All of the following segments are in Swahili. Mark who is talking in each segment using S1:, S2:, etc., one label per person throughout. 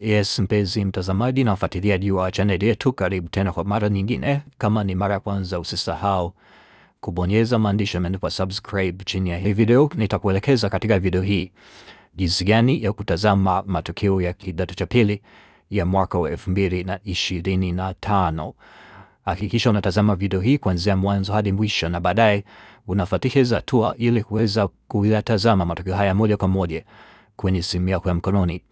S1: Yes, mpenzi mtazamaji na mfuatiliaji wa chaneli yetu, karibu tena kwa mara nyingine. Kama ni mara ya kwanza, usisahau kubonyeza maandishi yameandikwa subscribe chini ya hii video. Nitakuelekeza katika video hii jinsi gani ya kutazama matokeo ya kidato cha pili ya mwaka wa elfu mbili na ishirini na tano. Hakikisha unatazama video hii kuanzia mwanzo hadi mwisho, na baadaye unafuatisha hatua ili kuweza kuyatazama matokeo haya moja kwa moja kwenye simu yako ya mkononi.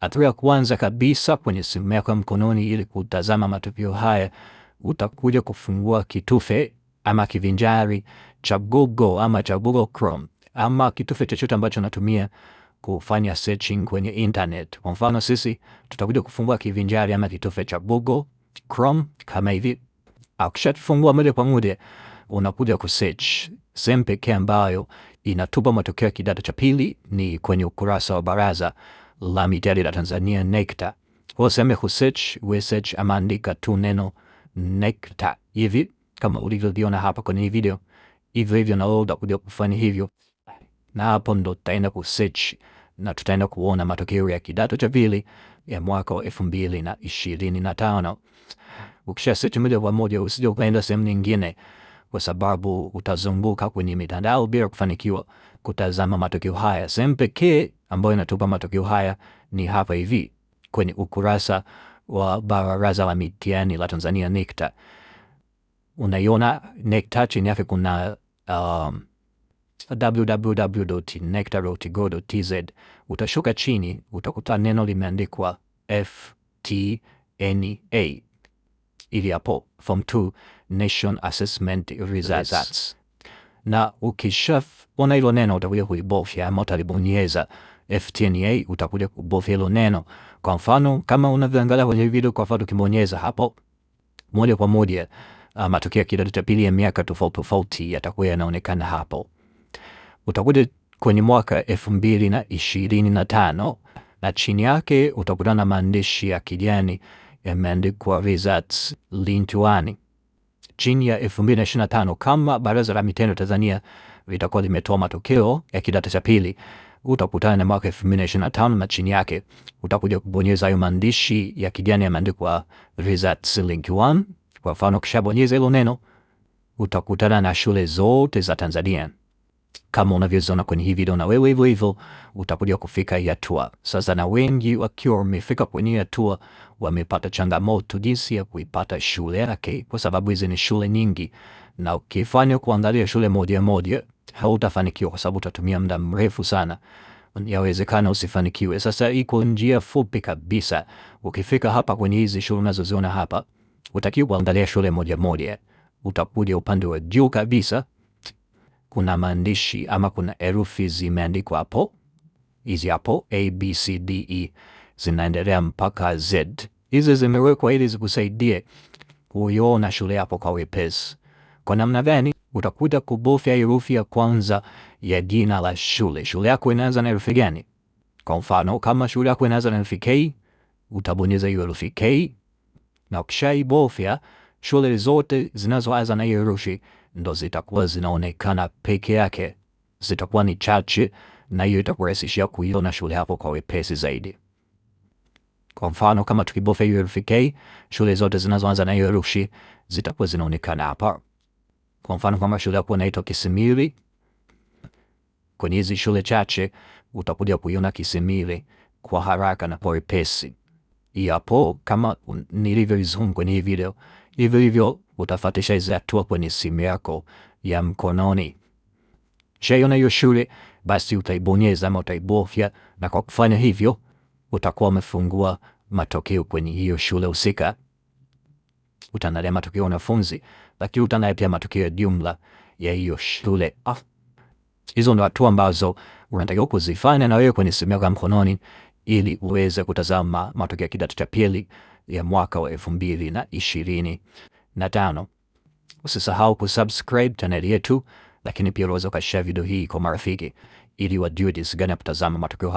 S1: Hatua ya kwanza kabisa kwenye simu yako ya mkononi ili kutazama matukio haya, utakuja kufungua kitufe ama kivinjari cha Google ama cha Google Chrome ama kitufe chochote ambacho unatumia kufanya searching kwenye internet. Kwa mfano, sisi tutakuja kufungua kivinjari ama kitufe cha Google Chrome kama hivi. Akishatufungua moja kwa moja unakuja kusearch Sehemu pekee ambayo inatupa matokeo ya kidato cha pili ni kwenye ukurasa wa Baraza la Mitihani la Tanzania, NECTA. Kwa sehemu ya kusearch, we search tu neno NECTA hivi kama ulivyoviona hapa kwenye hii video, hivyo hivyo na wewe utakuja kufanya hivyo, na hapo ndo tutaenda kusearch na tutaenda kuona matokeo ya kidato cha pili ya mwaka wa elfu mbili na ishirini na tano. Ukisha search moja kwa moja, usije ukaenda sehemu nyingine kwa sababu utazunguka kwenye mitandao bila kufanikiwa kutazama matokeo haya. Sehemu pekee ambayo inatupa matokeo haya ni hapa hivi kwenye ukurasa wa Baraza la Mitihani la Tanzania, NECTA. Unaiona NECTA, chini yake kuna um, www.necta.go.tz. Utashuka chini utakuta neno limeandikwa FTNA ili hapo form 2 nation assessment results, Na Na ukishaona ilo neno utakuja kulibofya mota utalibonyeza FTNA, utakuja kubofya ilo neno. Kwa mfano kama unavyoangalia kwenye video, kwa mfano ukibonyeza hapo moja kwa moja uh, matokeo ya kidato cha pili ya miaka tofauti tofauti yatakuwa yanaonekana hapo. Utakuja kwenye mwaka elfu mbili na ishirini na tano na chini yake utakutana na maandishi ya kijani yameandikwa results lintuani chini ya 2025 kama Baraza la mitendo Tanzania litakuwa limetoa matokeo ya kidato cha pili, utakutana na mwaka 2025 na chini yake utakuja kubonyeza hayo maandishi ya kijani yameandikwa results link 1. Kwa mfano, kishabonyeza hilo neno utakutana na shule zote za Tanzania kama unavyoziona kwenye hii video, na wewe hivyo hivyo utakuja kufika hii hatua sasa. Na wengi wakiwa wamefika kwenye hii hatua wamepata changamoto jinsi ya kuipata shule yake, kwa sababu hizi ni shule nyingi, na ukifanya kuangalia shule moja moja hautafanikiwa kwa sababu utatumia muda mrefu sana, yawezekana usifanikiwe. Sasa iko njia fupi kabisa. Ukifika hapa kwenye hizi shule unazoziona hapa, utakiwa kuangalia shule moja moja, utakuja upande wa juu kabisa kuna maandishi ama kuna herufi zimeandikwa hapo, hizi hapo a b c d e zinaendelea mpaka z. Hizi zimewekwa ili zikusaidie kuiona shule yapo kwa wepesi. Kwa namna gani? Utakuta kubofya herufi ya kwanza ya jina la shule. Shule yako inaanza na herufi gani? Kwa mfano kama shule yako inaanza na herufi K, utabonyeza hiyo herufi K na ukishaibofya, shule zote zinazoanza na hiyo herufi ndo zitakuwa zinaonekana peke yake, zitakuwa ni chache, na hiyo itakurahisishia kuiona shule hapo kwa wepesi zaidi. Kwa mfano kama tukibofya hiyo herufi K, shule zote zinazoanza na hiyo herufi zitakuwa zinaonekana hapa. Kwa mfano kama shule yako inaitwa Kisimiri, kwenye hizi shule chache utakuja kuiona Kisimiri kwa haraka na kwa wepesi. Iyapo kama nilivyoizungumza kwenye hii video, hivyo hivyo utafatisha hizi hatua kwenye simu yako ya mkononi. Shaiona hiyo shule, basi utaibonyeza ama utaibofya, na kwa kufanya hivyo utakuwa umefungua matokeo kwenye hiyo shule husika. Utaangalia matokeo ya wanafunzi, lakini utaangalia pia matokeo ya jumla ya hiyo shule. Ah, Hizo ndo hatua ambazo unatakiwa kuzifanya na wewe kwenye simu yako ya mkononi ili uweze kutazama matokeo ya kidato cha pili ya mwaka wa elfu mbili na ishirini na tano. Usisahau kusubscribe channel yetu, lakini pia unaweza ukashare video hii kwa marafiki ili wajue jinsi gani ya kutazama matukio